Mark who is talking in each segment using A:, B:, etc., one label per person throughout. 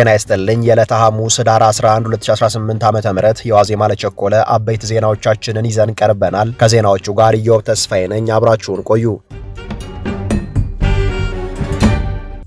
A: ጤና ይስጥልኝ። የዕለተ ሐሙስ ዳራ 11 2018 ዓ ም የዋዜማ ለቸኮለ አበይት ዜናዎቻችንን ይዘን ቀርበናል። ከዜናዎቹ ጋር ኢዮብ ተስፋዬ ነኝ። አብራችሁን ቆዩ።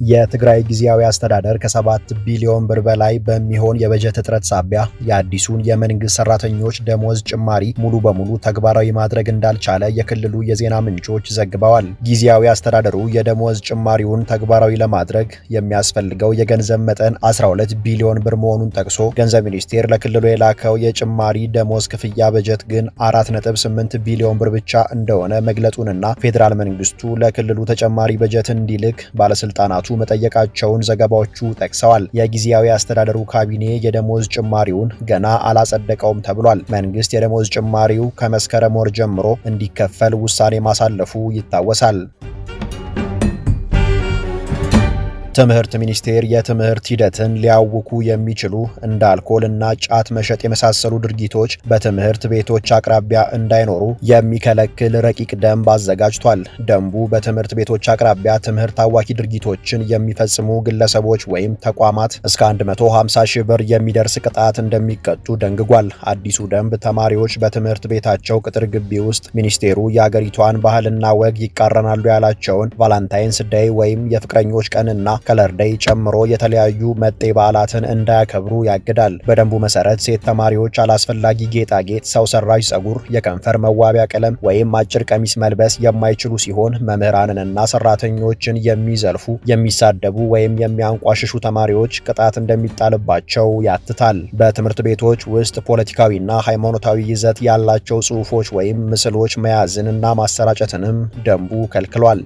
A: የትግራይ ጊዜያዊ አስተዳደር ከሰባት ቢሊዮን ብር በላይ በሚሆን የበጀት እጥረት ሳቢያ የአዲሱን የመንግስት ሰራተኞች ደሞዝ ጭማሪ ሙሉ በሙሉ ተግባራዊ ማድረግ እንዳልቻለ የክልሉ የዜና ምንጮች ዘግበዋል። ጊዜያዊ አስተዳደሩ የደሞዝ ጭማሪውን ተግባራዊ ለማድረግ የሚያስፈልገው የገንዘብ መጠን 12 ቢሊዮን ብር መሆኑን ጠቅሶ ገንዘብ ሚኒስቴር ለክልሉ የላከው የጭማሪ ደሞዝ ክፍያ በጀት ግን 4.8 ቢሊዮን ብር ብቻ እንደሆነ መግለጹንና ፌዴራል መንግስቱ ለክልሉ ተጨማሪ በጀት እንዲልክ ባለስልጣናቱ መጠየቃቸውን ዘገባዎቹ ጠቅሰዋል። የጊዜያዊ አስተዳደሩ ካቢኔ የደሞዝ ጭማሪውን ገና አላጸደቀውም ተብሏል። መንግስት የደሞዝ ጭማሪው ከመስከረም ወር ጀምሮ እንዲከፈል ውሳኔ ማሳለፉ ይታወሳል። ትምህርት ሚኒስቴር የትምህርት ሂደትን ሊያውኩ የሚችሉ እንደ አልኮል እና ጫት መሸጥ የመሳሰሉ ድርጊቶች በትምህርት ቤቶች አቅራቢያ እንዳይኖሩ የሚከለክል ረቂቅ ደንብ አዘጋጅቷል። ደንቡ በትምህርት ቤቶች አቅራቢያ ትምህርት አዋኪ ድርጊቶችን የሚፈጽሙ ግለሰቦች ወይም ተቋማት እስከ 150 ሺህ ብር የሚደርስ ቅጣት እንደሚቀጡ ደንግጓል። አዲሱ ደንብ ተማሪዎች በትምህርት ቤታቸው ቅጥር ግቢ ውስጥ ሚኒስቴሩ የአገሪቷን ባህልና ወግ ይቃረናሉ ያላቸውን ቫላንታይንስ ደይ ወይም የፍቅረኞች ቀንና ከለር ደይ ጨምሮ የተለያዩ መጤ በዓላትን እንዳያከብሩ ያግዳል። በደንቡ መሰረት ሴት ተማሪዎች አላስፈላጊ ጌጣጌጥ፣ ሰው ሰራሽ ጸጉር፣ የከንፈር መዋቢያ ቀለም ወይም አጭር ቀሚስ መልበስ የማይችሉ ሲሆን መምህራንንና ሰራተኞችን የሚዘልፉ፣ የሚሳደቡ ወይም የሚያንቋሽሹ ተማሪዎች ቅጣት እንደሚጣልባቸው ያትታል። በትምህርት ቤቶች ውስጥ ፖለቲካዊና ሃይማኖታዊ ይዘት ያላቸው ጽሑፎች ወይም ምስሎች መያዝንና ማሰራጨትንም ደንቡ ከልክሏል።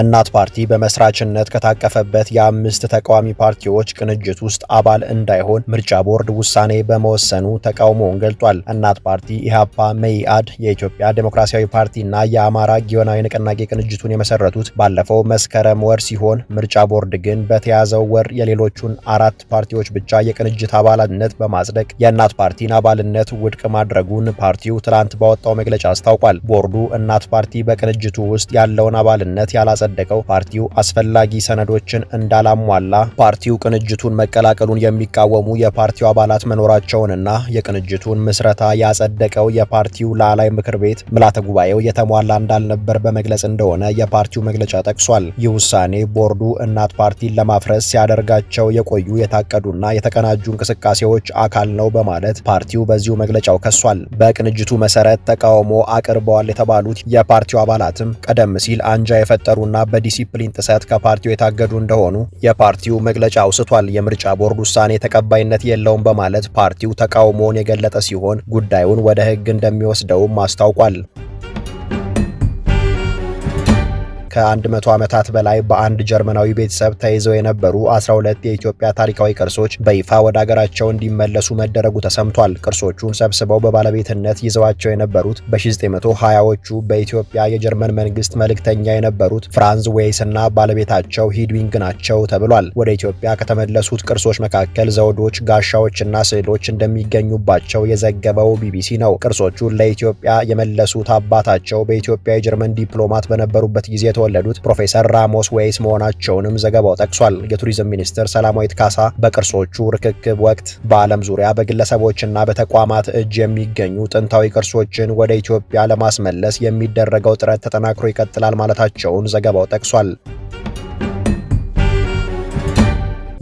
A: እናት ፓርቲ በመስራችነት ከታቀፈበት የአምስት ተቃዋሚ ፓርቲዎች ቅንጅት ውስጥ አባል እንዳይሆን ምርጫ ቦርድ ውሳኔ በመወሰኑ ተቃውሞውን ገልጧል። እናት ፓርቲ፣ ኢህአፓ፣ መኢአድ፣ የኢትዮጵያ ዴሞክራሲያዊ ፓርቲና የአማራ ጊዮናዊ ንቅናቄ ቅንጅቱን የመሰረቱት ባለፈው መስከረም ወር ሲሆን ምርጫ ቦርድ ግን በተያዘው ወር የሌሎቹን አራት ፓርቲዎች ብቻ የቅንጅት አባልነት በማጽደቅ የእናት ፓርቲን አባልነት ውድቅ ማድረጉን ፓርቲው ትላንት ባወጣው መግለጫ አስታውቋል። ቦርዱ እናት ፓርቲ በቅንጅቱ ውስጥ ያለውን አባልነት ያላ ያጸደቀው ፓርቲው አስፈላጊ ሰነዶችን እንዳላሟላ ፓርቲው ቅንጅቱን መቀላቀሉን የሚቃወሙ የፓርቲው አባላት መኖራቸውንና የቅንጅቱን ምስረታ ያጸደቀው የፓርቲው ላዕላይ ምክር ቤት ምልዓተ ጉባኤው የተሟላ እንዳልነበር በመግለጽ እንደሆነ የፓርቲው መግለጫ ጠቅሷል። ይህ ውሳኔ ቦርዱ እናት ፓርቲን ለማፍረስ ሲያደርጋቸው የቆዩ የታቀዱና የተቀናጁ እንቅስቃሴዎች አካል ነው በማለት ፓርቲው በዚሁ መግለጫው ከሷል። በቅንጅቱ መሰረት ተቃውሞ አቅርበዋል የተባሉት የፓርቲው አባላትም ቀደም ሲል አንጃ የፈጠሩና በሙስናና በዲሲፕሊን ጥሰት ከፓርቲው የታገዱ እንደሆኑ የፓርቲው መግለጫ አውስቷል። የምርጫ ቦርድ ውሳኔ ተቀባይነት የለውም በማለት ፓርቲው ተቃውሞውን የገለጠ ሲሆን ጉዳዩን ወደ ሕግ እንደሚወስደውም አስታውቋል። ከ100 ዓመታት በላይ በአንድ ጀርመናዊ ቤተሰብ ተይዘው የነበሩ 12 የኢትዮጵያ ታሪካዊ ቅርሶች በይፋ ወደ አገራቸው እንዲመለሱ መደረጉ ተሰምቷል። ቅርሶቹን ሰብስበው በባለቤትነት ይዘዋቸው የነበሩት በ1920ዎቹ በኢትዮጵያ የጀርመን መንግስት መልእክተኛ የነበሩት ፍራንዝ ዌይስ እና ባለቤታቸው ሂድዊንግ ናቸው ተብሏል። ወደ ኢትዮጵያ ከተመለሱት ቅርሶች መካከል ዘውዶች፣ ጋሻዎችና ስዕሎች እንደሚገኙባቸው የዘገበው ቢቢሲ ነው። ቅርሶቹን ለኢትዮጵያ የመለሱት አባታቸው በኢትዮጵያ የጀርመን ዲፕሎማት በነበሩበት ጊዜ የተወለዱት ፕሮፌሰር ራሞስ ዌይስ መሆናቸውንም ዘገባው ጠቅሷል። የቱሪዝም ሚኒስትር ሰላማዊት ካሳ በቅርሶቹ ርክክብ ወቅት በዓለም ዙሪያ በግለሰቦችና በተቋማት እጅ የሚገኙ ጥንታዊ ቅርሶችን ወደ ኢትዮጵያ ለማስመለስ የሚደረገው ጥረት ተጠናክሮ ይቀጥላል ማለታቸውን ዘገባው ጠቅሷል።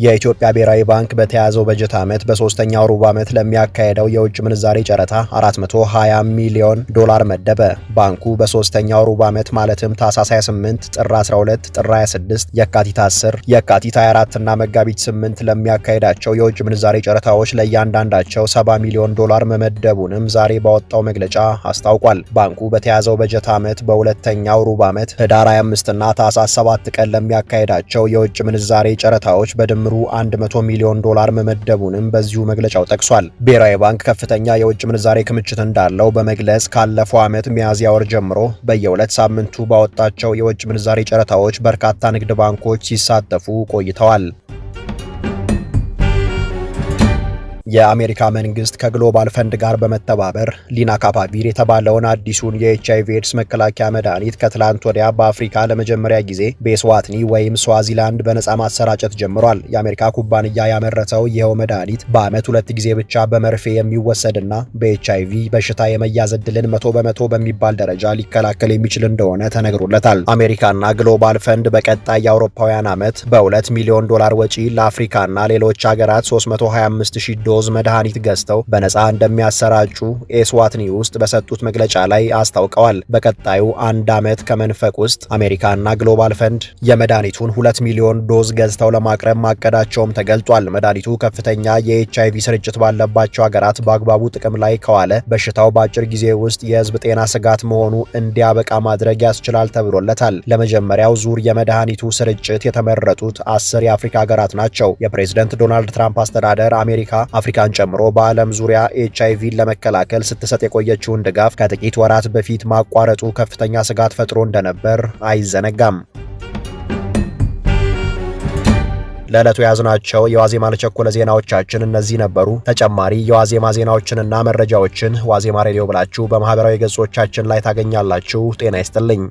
A: የኢትዮጵያ ብሔራዊ ባንክ በተያዘው በጀት ዓመት በሶስተኛው ሩብ ዓመት ለሚያካሄደው የውጭ ምንዛሬ ጨረታ 420 ሚሊዮን ዶላር መደበ። ባንኩ በሶስተኛው ሩብ ዓመት ማለትም ታህሳስ 28፣ ጥር 12፣ ጥር 26፣ የካቲት 10፣ የካቲት 24 እና መጋቢት 8 ለሚያካሄዳቸው የውጭ ምንዛሬ ጨረታዎች ለእያንዳንዳቸው 70 ሚሊዮን ዶላር መመደቡንም ዛሬ ባወጣው መግለጫ አስታውቋል። ባንኩ በተያዘው በጀት ዓመት በሁለተኛው ሩብ ዓመት ህዳር 25 እና ታህሳስ 7 ቀን ለሚያካሄዳቸው የውጭ ምንዛሬ ጨረታዎች በድምሩ ድምሩ 100 ሚሊዮን ዶላር መመደቡንም በዚሁ መግለጫው ጠቅሷል። ብሔራዊ ባንክ ከፍተኛ የውጭ ምንዛሬ ክምችት እንዳለው በመግለጽ ካለፈው ዓመት ሚያዝያ ወር ጀምሮ በየሁለት ሳምንቱ ባወጣቸው የውጭ ምንዛሬ ጨረታዎች በርካታ ንግድ ባንኮች ሲሳተፉ ቆይተዋል። የአሜሪካ መንግስት ከግሎባል ፈንድ ጋር በመተባበር ሊናካፓቪር የተባለውን አዲሱን የኤች አይቪ ኤድስ መከላከያ መድኃኒት ከትላንት ወዲያ በአፍሪካ ለመጀመሪያ ጊዜ ቤስዋትኒ ወይም ስዋዚላንድ በነፃ ማሰራጨት ጀምሯል። የአሜሪካ ኩባንያ ያመረተው ይኸው መድኃኒት በዓመት ሁለት ጊዜ ብቻ በመርፌ የሚወሰድና በኤች አይቪ በሽታ የመያዝ መቶ በመቶ በሚባል ደረጃ ሊከላከል የሚችል እንደሆነ ተነግሮለታል። አሜሪካና ግሎባል ፈንድ በቀጣይ የአውሮፓውያን ዓመት በ2 ሚሊዮን ዶላር ወጪ ለአፍሪካና ሌሎች ሀገራት 325 ሺህ ዶ ዶዝ መድኃኒት ገዝተው በነፃ እንደሚያሰራጩ ኤስዋትኒ ውስጥ በሰጡት መግለጫ ላይ አስታውቀዋል። በቀጣዩ አንድ ዓመት ከመንፈቅ ውስጥ አሜሪካና ግሎባል ፈንድ የመድኃኒቱን ሁለት ሚሊዮን ዶዝ ገዝተው ለማቅረብ ማቀዳቸውም ተገልጧል። መድኃኒቱ ከፍተኛ የኤች አይቪ ስርጭት ባለባቸው ሀገራት በአግባቡ ጥቅም ላይ ከዋለ በሽታው በአጭር ጊዜ ውስጥ የህዝብ ጤና ስጋት መሆኑ እንዲያበቃ ማድረግ ያስችላል ተብሎለታል። ለመጀመሪያው ዙር የመድኃኒቱ ስርጭት የተመረጡት አስር የአፍሪካ ሀገራት ናቸው። የፕሬዝደንት ዶናልድ ትራምፕ አስተዳደር አሜሪካ አፍሪካን ጨምሮ በዓለም ዙሪያ ኤች አይቪን ለመከላከል ስትሰጥ የቆየችውን ድጋፍ ከጥቂት ወራት በፊት ማቋረጡ ከፍተኛ ስጋት ፈጥሮ እንደነበር አይዘነጋም። ለዕለቱ የያዝናቸው የዋዜማ ለቸኮለ ዜናዎቻችን እነዚህ ነበሩ። ተጨማሪ የዋዜማ ዜናዎችንና መረጃዎችን ዋዜማ ሬዲዮ ብላችሁ በማህበራዊ ገጾቻችን ላይ ታገኛላችሁ። ጤና ይስጥልኝ።